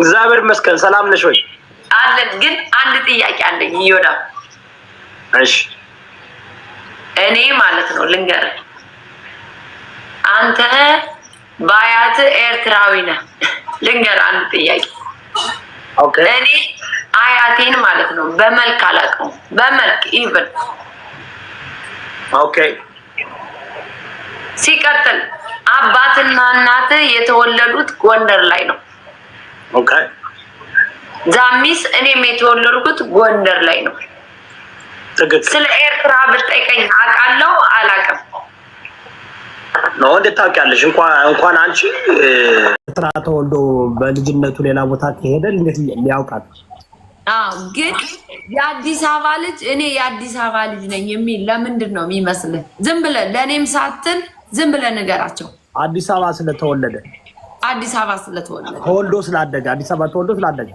እግዚአብሔር ይመስገን። ሰላም ነሽ ወይ? አለን። ግን አንድ ጥያቄ አለኝ እዮዳ። እሺ እኔ ማለት ነው ልንገር አንተ በአያት ኤርትራዊ ነህ። ልንገርህ አንድ ጥያቄ እኔ አያቴን ማለት ነው በመልክ አላውቀውም፣ በመልክ ኢቨን ኦኬ። ሲቀጥል አባትና እናት የተወለዱት ጎንደር ላይ ነው ዛሚስ እኔም የተወለድኩት ጎንደር ላይ ነው። ስለ ኤርትራ ብትጠይቀኝ አውቃለሁ አላውቅም። ኖ እንዴት ታውቂያለሽ? እንኳን አንቺ ኤርትራ ተወልዶ በልጅነቱ ሌላ ቦታ ከሄደ እንዴት ሊያውቃል? ግን የአዲስ አበባ ልጅ እኔ የአዲስ አበባ ልጅ ነኝ የሚል ለምንድን ነው የሚመስልህ? ዝም ብለህ ለእኔም ሳትል ዝም ብለህ ንገራቸው። አዲስ አበባ ስለተወለደ አዲስ አበባ ስለተወለደ ተወልዶ ስላደገ አዲስ አበባ ተወልዶ ስላደገ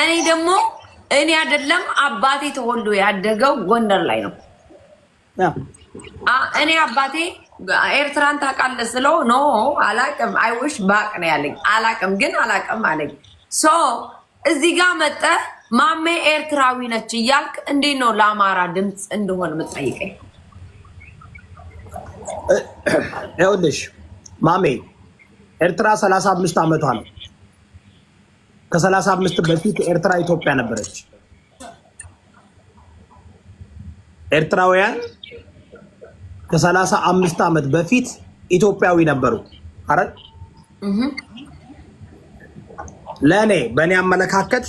እኔ ደግሞ እኔ አይደለም አባቴ ተወልዶ ያደገው ጎንደር ላይ ነው። እኔ አባቴ ኤርትራን ታውቃለህ ስለው ኖ አላቅም፣ አይውሽ ባቅ ነው ያለኝ። አላቅም ግን አላቅም አለኝ። ሶ እዚህ ጋር መጠ ማሜ ኤርትራዊ ነች እያልክ እንዴት ነው ለአማራ ድምፅ እንደሆን የምትጠይቀኝ? ይኸውልሽ ማሜ ኤርትራ 35 ዓመቷ ነው። ከ35 በፊት ኤርትራ ኢትዮጵያ ነበረች። ኤርትራውያን ከ35 ዓመት በፊት ኢትዮጵያዊ ነበሩ። አረ ለእኔ በእኔ አመለካከት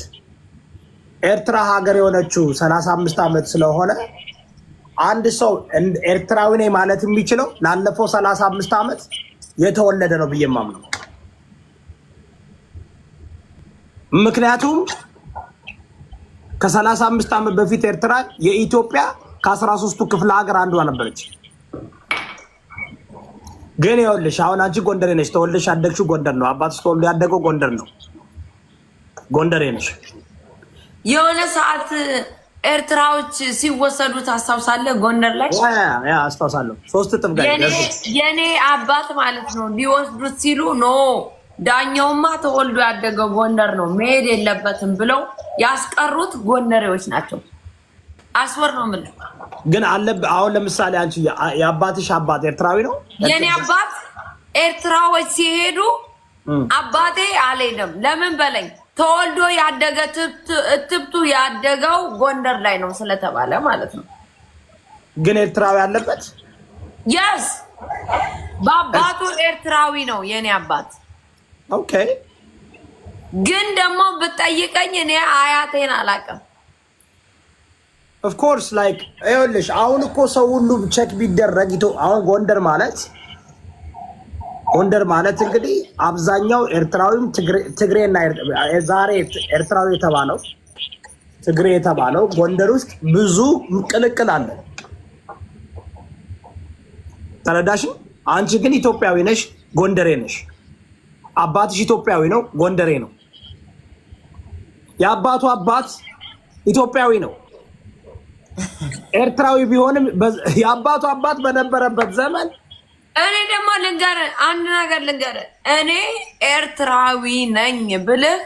ኤርትራ ሀገር የሆነችው 35 ዓመት ስለሆነ አንድ ሰው ኤርትራዊ ነኝ ማለት የሚችለው ላለፈው 35 ዓመት የተወለደ ነው ብዬ ማምነው ምክንያቱም ከሰላሳ አምስት ዓመት በፊት ኤርትራ የኢትዮጵያ ከአስራ ሶስቱ ክፍለ ሀገር አንዷ ነበረች። ግን ይኸውልሽ አሁን አንቺ ጎንደሬ ነች፣ ተወልደሽ ያደግሽው ጎንደር ነው። አባትሽ ተወልዶ ያደገው ጎንደር ነው። ጎንደሬ ነች የሆነ ሰዓት ኤርትራዎች ሲወሰዱት አስታውሳለህ? ጎንደር ላይ አስታውሳለሁ። ሶስት የኔ አባት ማለት ነው። ሊወስዱት ሲሉ ኖ ዳኛውማ ተወልዶ ያደገው ጎንደር ነው መሄድ የለበትም ብለው ያስቀሩት ጎንደሬዎች ናቸው። አስወር ነው ምን ግን አለ። አሁን ለምሳሌ አንቺ የአባትሽ አባት ኤርትራዊ ነው። የኔ አባት ኤርትራዎች ሲሄዱ አባቴ አልሄድም ለምን በለኝ ተወልዶ ያደገ እትብቱ ያደገው ጎንደር ላይ ነው ስለተባለ ማለት ነው። ግን ኤርትራዊ አለበት። የስ በአባቱ ኤርትራዊ ነው የኔ አባት። ኦኬ። ግን ደግሞ ብጠይቀኝ እኔ አያቴን አላውቅም። ኦፍኮርስ ላይክ ይኸውልሽ፣ አሁን እኮ ሰው ሁሉ ቼክ ቢደረግ አሁን ጎንደር ማለት ጎንደር ማለት እንግዲህ አብዛኛው ኤርትራዊም ትግሬና ዛሬ ኤርትራዊ የተባለው ትግሬ የተባለው ጎንደር ውስጥ ብዙ ቅልቅል አለ። ተረዳሽ አንቺ ግን ኢትዮጵያዊ ነሽ፣ ጎንደሬ ነሽ። አባትሽ ኢትዮጵያዊ ነው፣ ጎንደሬ ነው። የአባቱ አባት ኢትዮጵያዊ ነው፣ ኤርትራዊ ቢሆንም የአባቱ አባት በነበረበት ዘመን እኔ ደግሞ ልንገር አንድ ነገር ልንገር፣ እኔ ኤርትራዊ ነኝ ብልህ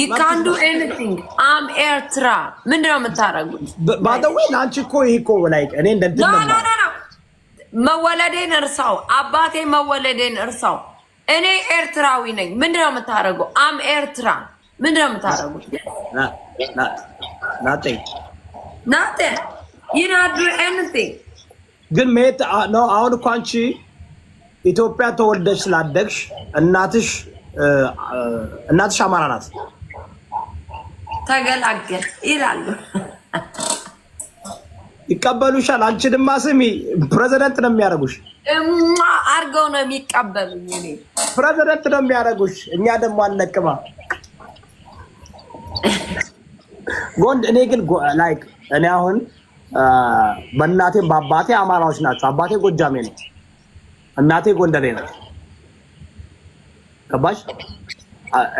ይካንዱ ኤኒቲንግ አም ኤርትራ ምንድን ነው የምታደርጉት? ባደወይ ለአንቺ እኮ ይህ እኮ ላይ እኔ መወለዴን እርሳው፣ አባቴ መወለዴን እርሳው። እኔ ኤርትራዊ ነኝ። ምንድን ነው የምታደርገው? አም ኤርትራ ምንድን ነው የምታደርጉት? ናቴ ናቴ ይናዱ ኤኒቲንግ ግን መሄድ ነው። አሁን እኮ አንቺ ኢትዮጵያ ተወልደሽ ስላደግሽ እናትሽ እናትሽ አማራ ናት። ተገላገል ይላሉ፣ ይቀበሉሻል። አንቺ ድማ ስሚ ፕሬዚደንት ነው የሚያደርጉሽ። አርገው ነው የሚቀበሉ፣ ፕሬዚደንት ነው የሚያደርጉሽ። እኛ ደግሞ አልነቅማ ጎንድ እኔ ግን ላይክ እኔ አሁን በእናቴ በአባቴ አማራዎች ናቸው። አባቴ ጎጃሜ ነው፣ እናቴ ጎንደሬ ነው። ገባሽ?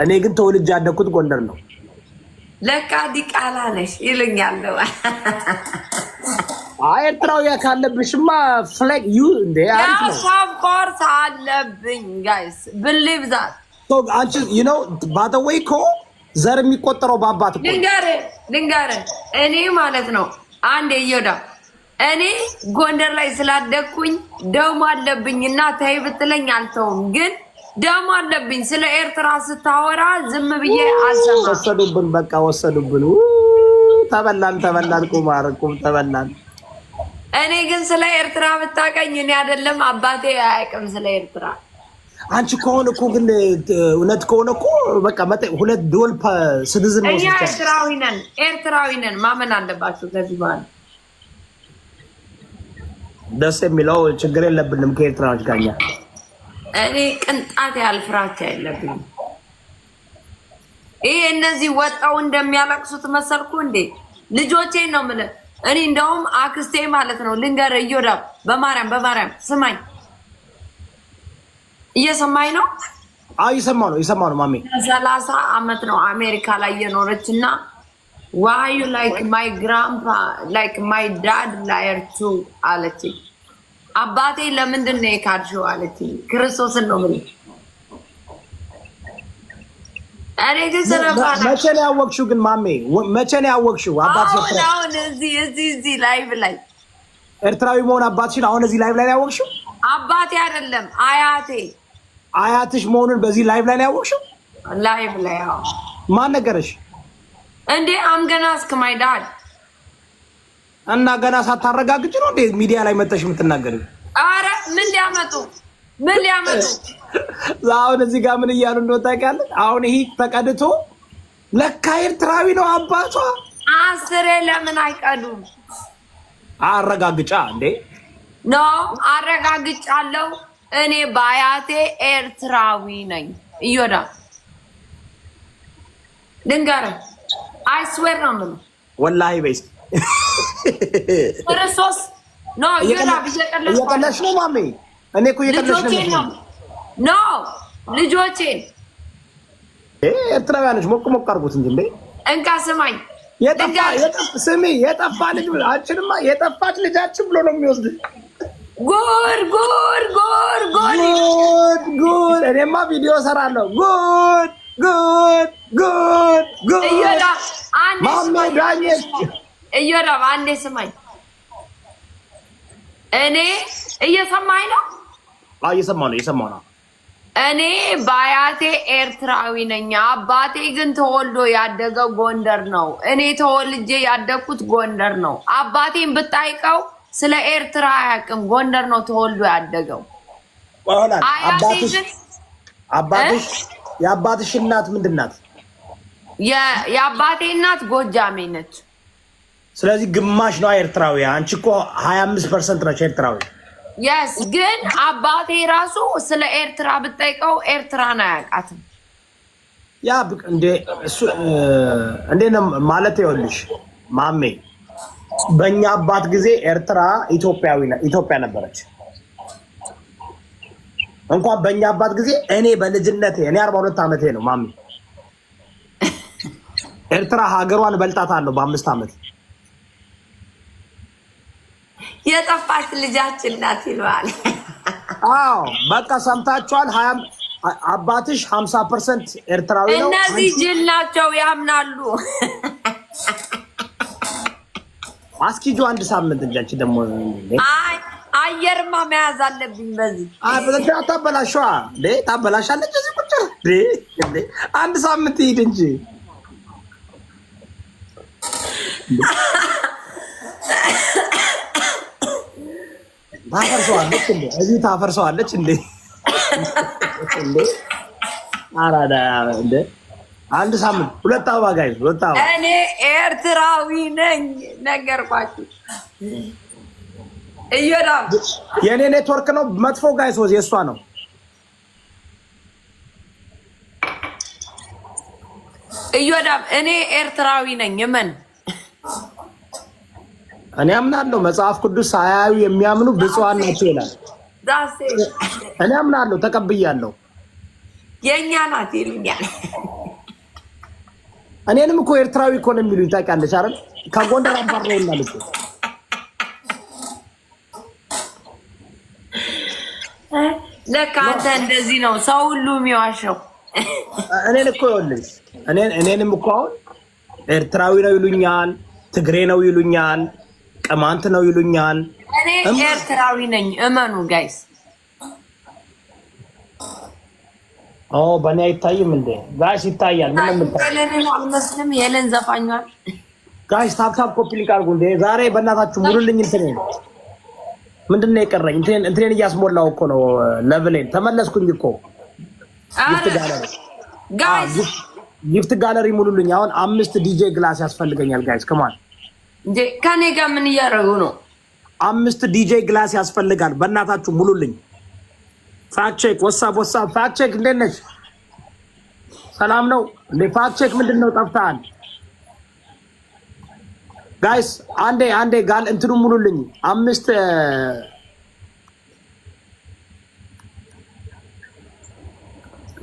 እኔ ግን ተወልጄ ያደግኩት ጎንደር ነው። ለካ ዲቃላ ነሽ ይሉኛል። ኤርትራዊ ካለብሽማ ፍላግ ዩ እንደ ኮርስ አለብኝ ጋይስ ብሊቭ ዛት አንቺ ዩ ኖ ባይ ዘ ዌይ እኮ ዘር የሚቆጠረው በአባት እኮ። ልንገርህ ልንገርህ እኔ ማለት ነው አንድ የዮዳ እኔ ጎንደር ላይ ስላደግኩኝ ደሞ አለብኝ እና ተይ ብትለኝ አልተውም። ግን ደሞ አለብኝ። ስለ ኤርትራ ስታወራ ዝም ብዬ አልሰማም። ወሰዱብን፣ በቃ ወሰዱብን። ተበላን፣ ተበላን፣ ቁማር ቁም ተበላን። እኔ ግን ስለ ኤርትራ ብታቀኝ እኔ አይደለም አባቴ አያውቅም ስለ ኤርትራ አንቺ ከሆነ እኮ ግን እውነት ከሆነ እኮ በቃ ሁለት ዶል ስድዝን ነው። እኛ ኤርትራዊ ነን ኤርትራዊ ነን ማመን አለባቸው ከዚህ በኋላ ደስ የሚለው ችግር የለብንም ከኤርትራዎች ጋር እኛ እኔ ቅንጣት ያህል ፍራቻ የለብንም። ይሄ እነዚህ ወጣው እንደሚያለቅሱት መሰልኩ እንዴ? ልጆቼን ነው የምልህ እኔ እንደውም አክስቴ ማለት ነው ልንገርህ፣ እዮዳ በማርያም በማርያም ስማኝ እየሰማኝ ነው። ይሰማ ነው ይሰማ ነው። ማሜ ሰላሳ አመት ነው አሜሪካ ላይ የኖረች እና ዋዩ ላይክ ማይ ግራምፓ ላይክ ማይ ዳድ ላየር ቱ አለች። አባቴ ለምንድን ነው የካድሽው አለች። ክርስቶስን ነው ምን መቼ ነው ያወቅሽው? ግን ማሜ መቼ ነው ያወቅሽው? አሁን አሁን እዚህ እዚህ እዚህ ላይቭ ላይ ኤርትራዊ መሆን አባትሽን አሁን እዚህ ላይቭ ላይ ያወቅሽው? አባቴ አይደለም አያቴ አያትሽ መሆኑን በዚህ ላይቭ ላይ ያወቅሽው? ላይቭ ላይ አዎ። ማን ነገረሽ እንዴ? አም ገና ማይዳል እና ገና ሳታረጋግጭ ነው እንዴ ሚዲያ ላይ መጠሽ የምትናገሪው? አረ ምን ሊያመጡ ምን ሊያመጡ አሁን እዚህ ጋር ምን እያሉ እንደወጣ ያውቃለን። አሁን ይሄ ተቀድቶ ለካ ኤርትራዊ ነው አባቷ። አስሬ ለምን አይቀዱም? አረጋግጫ እንዴ ኖ አረጋግጫ አለው እኔ ባያቴ ኤርትራዊ ነኝ። እዮዳ ድንገርህ አይስዌር ነው የምልህ ወላሂ በይ ክርስቶስ ነው እየቀለድሽ ነው ማሜ። እኔ እኮ እየቀለድሽ ነው ኖ ልጆቼን ኤርትራውያኖች ሞቅ ሞቅ አድርጉት እንጂ እንዴ እንካ ስማኝ ስሚ የጠፋ ልጅ አንቺንማ የጠፋች ልጃችን ብሎ ነው የሚወስድ ጉድ ጉድ ጉድ ጉድ ጉድ! እኔማ ቪዲዮ ሰራለሁ። ጉድ ጉድ ጉድ ጉድ! እዮዳብ አንዴ ስማኝ። እኔ እየሰማኝ ነው፣ እየሰማሁ ነው፣ እየሰማሁ ነው። እኔ በአያቴ ኤርትራዊ ነኝ። አባቴ ግን ተወልዶ ያደገው ጎንደር ነው። እኔ ተወልጄ ያደግኩት ጎንደር ነው። አባቴን ብታይቀው ስለ ኤርትራ አያውቅም። ጎንደር ነው ተወልዶ ያደገው። የአባትሽ እናት ምንድን ናት? የአባቴ እናት ጎጃሜ ነች። ስለዚህ ግማሽ ነው ኤርትራዊ። አንቺ እኮ ሀያ አምስት ፐርሰንት ነች ኤርትራዊ። የስ ግን አባቴ ራሱ ስለ ኤርትራ ብጠይቀው ኤርትራን አያውቃትም። ያ እንዴ ነው ማለት ይኸውልሽ ማሜ በእኛ አባት ጊዜ ኤርትራ ኢትዮጵያዊ ኢትዮጵያ ነበረች። እንኳን በእኛ አባት ጊዜ እኔ በልጅነቴ እኔ አርባ ሁለት ዓመቴ ነው ማሚ ኤርትራ ሀገሯን በልጣታለሁ በአምስት ዓመት የጠፋች ልጃችን ናት ይለዋል። አዎ በቃ ሰምታችኋል። አባትሽ ሀምሳ ፐርሰንት ኤርትራዊ ነው። እነዚህ ጅል ናቸው ያምናሉ። አስኪጁ አንድ ሳምንት እንጃች ደግሞ አይ አየርማ መያዝ አለብኝ። በዚህ አይ በዚህ አታበላሽዋ ዴ ታበላሻለች። እዚህ ቁጭ ዴ አንድ ሳምንት ይሄድ እንጂ ታፈርሰዋለች እንዴ እዚህ ታፈርሰዋለች እንዴ አራዳ እንዴ አንድ ሳምንት ሁለት አበባ ጋይ ሁለት አበባ። እኔ ኤርትራዊ ነኝ ነገርኳችሁ። እየዳ የእኔ ኔትወርክ ነው መጥፎ ጋይ ሰ የእሷ ነው። እዮዳም እኔ ኤርትራዊ ነኝ። ምን እኔ አምናለሁ መጽሐፍ ቅዱስ ሳያዩ የሚያምኑ ብፁዓን ናቸው ይላል። እኔ አምናለሁ ተቀብያለሁ። የእኛ ናት ይሉኛል እኔንም እኮ ኤርትራዊ እኮ ነው የሚሉኝ ታውቂያለሽ አይደል? ከጎንደር አምባር ነው እና ልጅ ለካ አንተ እንደዚህ ነው ሰው ሁሉ የሚዋሸው። እኔን እኮ ይኸውልሽ፣ እኔንም እኮ አሁን ኤርትራዊ ነው ይሉኛል፣ ትግሬ ነው ይሉኛል፣ ቅማንት ነው ይሉኛል። እኔ ኤርትራዊ ነኝ እመኑ ጋይስ አዎ በእኔ አይታይም እንዴ? ጋሽ ይታያል። ምንም አልመስልም። የለን ዘፋኛል። ጋሽ ታፕታፕ ኮፒ ሊንክ አድርጉ እንዴ! ዛሬ በእናታችሁ ሙሉልኝ። እንትን ምንድን ነው የቀረኝ? እንትኔን እያስሞላው እኮ ነው። ለብሌን ተመለስኩኝ እኮ ጊፍት ጋለሪ ሙሉልኝ። አሁን አምስት ዲጄ ግላስ ያስፈልገኛል። ጋይስ ከማን ከኔ ጋር ምን እያደረጉ ነው? አምስት ዲጄ ግላስ ያስፈልጋል። በእናታችሁ ሙሉልኝ። ፋክት ቼክ ወሳብ ወሳብ ፋክት ቼክ እንዴት ነሽ? ሰላም ነው እንዴ? ፋክት ቼክ ምንድን ነው? ጠፍተሃል። ጋይስ አንዴ አንዴ ጋል እንትኑ ሙሉልኝ አምስት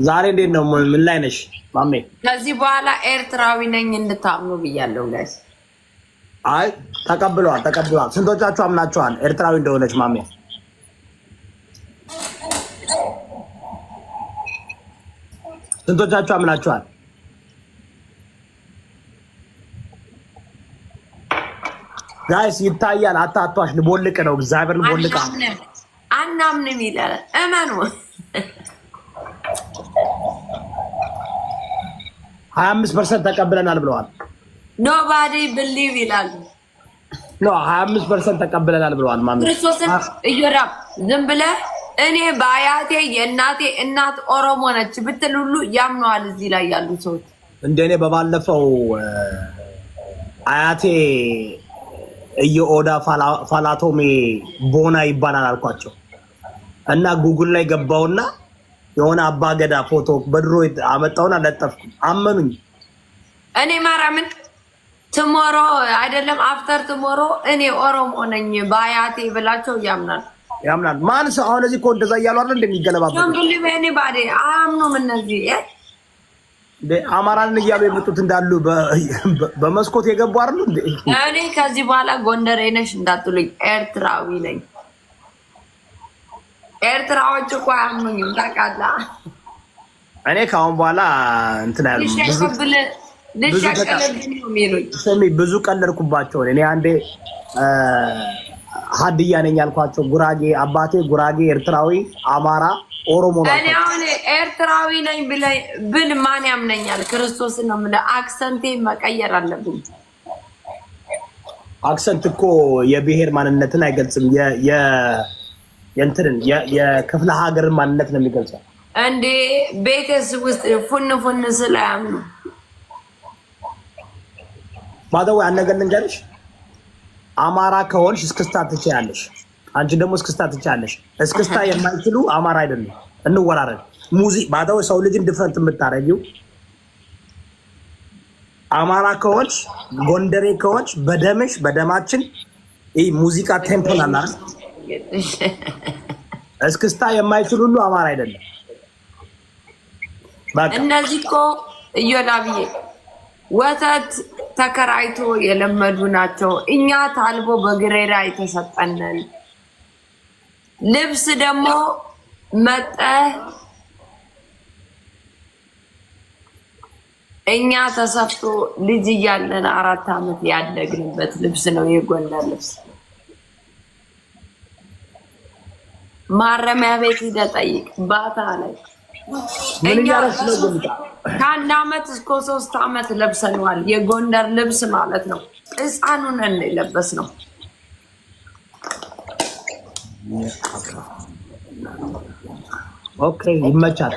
ዛሬ እንዴት ነው? ምን ላይ ነሽ ማሜ? ከዚህ በኋላ ኤርትራዊ ነኝ እንድታምኑ ብያለሁ ጋይስ። አይ ተቀብለዋል፣ ተቀብለዋል። ስንቶቻችሁ አምናችኋል ኤርትራዊ እንደሆነች ማሜ? ስንቶቻችሁ አምናችኋል? ጋይስ ይታያል። አታቷሽ ልቦልቅ ነው። እግዚአብሔር ልቦልቅ አናምንም ይላል። እመኑ። ሀያ አምስት ፐርሰንት ተቀብለናል ብለዋል። ኖባዲ ብሊቭ ይላሉ። ሀያ አምስት ፐርሰንት ተቀብለናል ብለዋል። ማ ክርስቶስን እዮዳብ ዝም ብለህ እኔ በአያቴ የእናቴ እናት ኦሮሞ ነች ብትል ሁሉ ያምነዋል። እዚህ ላይ ያሉ ሰዎች እንደ እኔ በባለፈው አያቴ እየኦዳ ፋላቶሜ ቦና ይባላል አልኳቸው እና ጉግል ላይ ገባውና የሆነ አባገዳ ፎቶ በድሮ አመጣውና ለጠፍኩ። አመኑኝ። እኔ ማርያምን ትሞሮ አይደለም አፍተር ትሞሮ እኔ ኦሮሞ ነኝ በአያቴ ብላቸው ያምናል። ያምናል ማን ሰው አሁን እዚህ እኮ እንደዛ እያሉ አይደል እንደሚገለባበት አማራንን እያሉ የመጡት እንዳሉ በመስኮት የገቡ አይደል እንዴ? እኔ ከዚህ በኋላ ጎንደሬ ነሽ እንዳትሉኝ ኤርትራዊ ነኝ። ኤርትራዎች እኮ አያምኑኝም ታውቃለህ። እኔ ከአሁን በኋላ እንትን ያሉ ብዙ ቀለድኩባቸውን እኔ አንዴ ሀድያ ነኝ ያልኳቸው ጉራጌ አባቴ ጉራጌ፣ ኤርትራዊ፣ አማራ፣ ኦሮሞ እኔ አሁን ኤርትራዊ ነኝ ብል ማን ያምነኛል? ክርስቶስ ነው የምልህ። አክሰንቴ መቀየር አለብኝ። አክሰንት እኮ የብሔር ማንነትን አይገልጽም። የእንትንን የክፍለ ሀገርን ማንነት ነው የሚገልጸው። እንዴ ቤተስ ውስጥ ፉን ፉን ስለ አያምኑ ማዘው አነገር ልንገርሽ አማራ ከሆንሽ እስክስታ ትችያለሽ። አንቺ ደግሞ እስክስታ ትችያለሽ። እስክስታ የማይችሉ አማራ አይደለም። እንወራረድ። ሙዚቃ ባታው ሰው ልጅን ድፍረት የምታረጊው አማራ ከሆንሽ፣ ጎንደሬ ከሆንሽ በደምሽ በደማችን ይህ ሙዚቃ ቴምፖል አለ። እስክስታ የማይችሉ ሁሉ አማራ አይደለም። እነዚህ እኮ እዮላብዬ ወተት ተከራይቶ የለመዱ ናቸው። እኛ ታልቦ በግሬራ የተሰጠነን ልብስ ደግሞ መጠ እኛ ተሰፍቶ ልጅ እያለን አራት ዓመት ያደግንበት ልብስ ነው። የጎንደር ልብስ ማረሚያ ቤት ሂደህ ጠይቅ ባታ ላይ ከአንድ አመት እስከ ሶስት አመት ለብሰነዋል። የጎንደር ልብስ ማለት ነው። ህፃኑን የለበስ ነው። ኦኬ ይመቻል።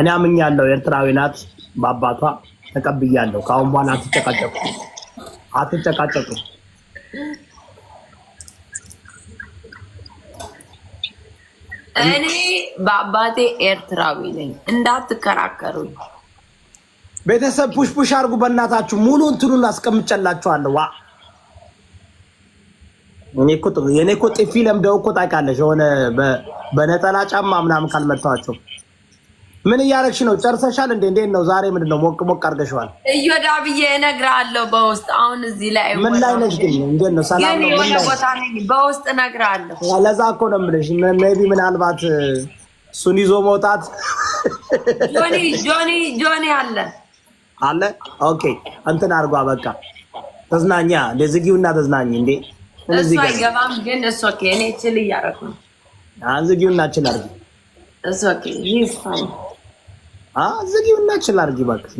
እኔ አምኛለሁ። ኤርትራዊ ናት፣ በአባቷ ተቀብያለሁ። ከአሁን በኋላ አትጨቃጨቁ፣ አትጨቃጨቁ። እኔ በአባቴ ኤርትራዊ ነኝ፣ እንዳትከራከሩኝ። ቤተሰብ ፑሽፑሽ አድርጉ፣ በእናታችሁ ሙሉ እንትኑን አስቀምጨላችኋለሁ። ዋ የኔ እኮ ጥፊ ለምደው እኮ ታውቂያለሽ፣ የሆነ በነጠላ ጫማ ምናምን ካልመታዋቸው ምን እያረግሽ ነው? ጨርሰሻል እንዴ? እንዴት ነው ዛሬ? ምንድን ነው ሞቅ ሞቅ አድርገሽዋል? እዮዳ ብዬ እነግርሃለሁ በውስጥ። አሁን እዚህ ላይ ምን ላይ ነሽ ግን? እንዴት ነው ሰላም ነው? የሆነ ቦታ ነኝ፣ በውስጥ እነግርሃለሁ። ለዛ እኮ ነው የምልሽ። ሜይ ቢ ምናልባት እሱን ይዞ መውጣት ጆኒ ጆኒ ጆኒ አለ አለ። ኦኬ እንትን አድርጓ በቃ ተዝናኛ እንደ ዝጊውና ተዝናኝ እንዴ። እሱ አይገባም ግን እሱ ኦኬ። እኔ ችል እያደረኩ ነው። ዝጊውና ችል አድርጊ። እሱ ኦኬ ፋይ ዘጊውና ችል አርጊ እባክሽ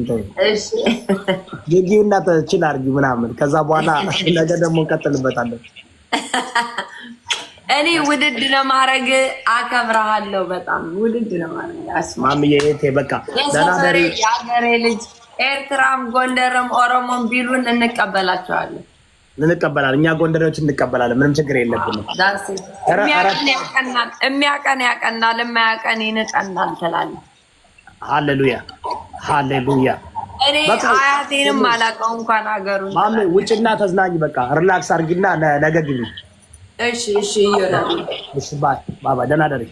ዘጊውና ችል አርጊ ምናምን። ከዛ በኋላ ነገ ደግሞ እንቀጥልበታለን። እኔ ውድድ ለማድረግ አከብረሃለሁ። በጣም ውድድ ለማድረግ ማምዬ በቃ የሀገሬ ልጅ ኤርትራም፣ ጎንደርም፣ ኦሮሞን ቢሉን እንቀበላቸዋለን እንቀበላለን እኛ ጎንደሬዎች እንቀበላለን። ምንም ችግር የለብንም። የሚያቀን ያቀናል፣ የማያቀን ይንቀናል ትላለህ ሃሌሉያ ሃሌሉያ። እኔ አያቴንም አላውቀው እንኳን ሀገሩን ማሜ፣ ውጭና ተዝናኝ። በቃ ሪላክስ አድርጊና ነገ ግቢ። እሺ፣ እሺ፣ እሺ። ባይ ባይ። ደህና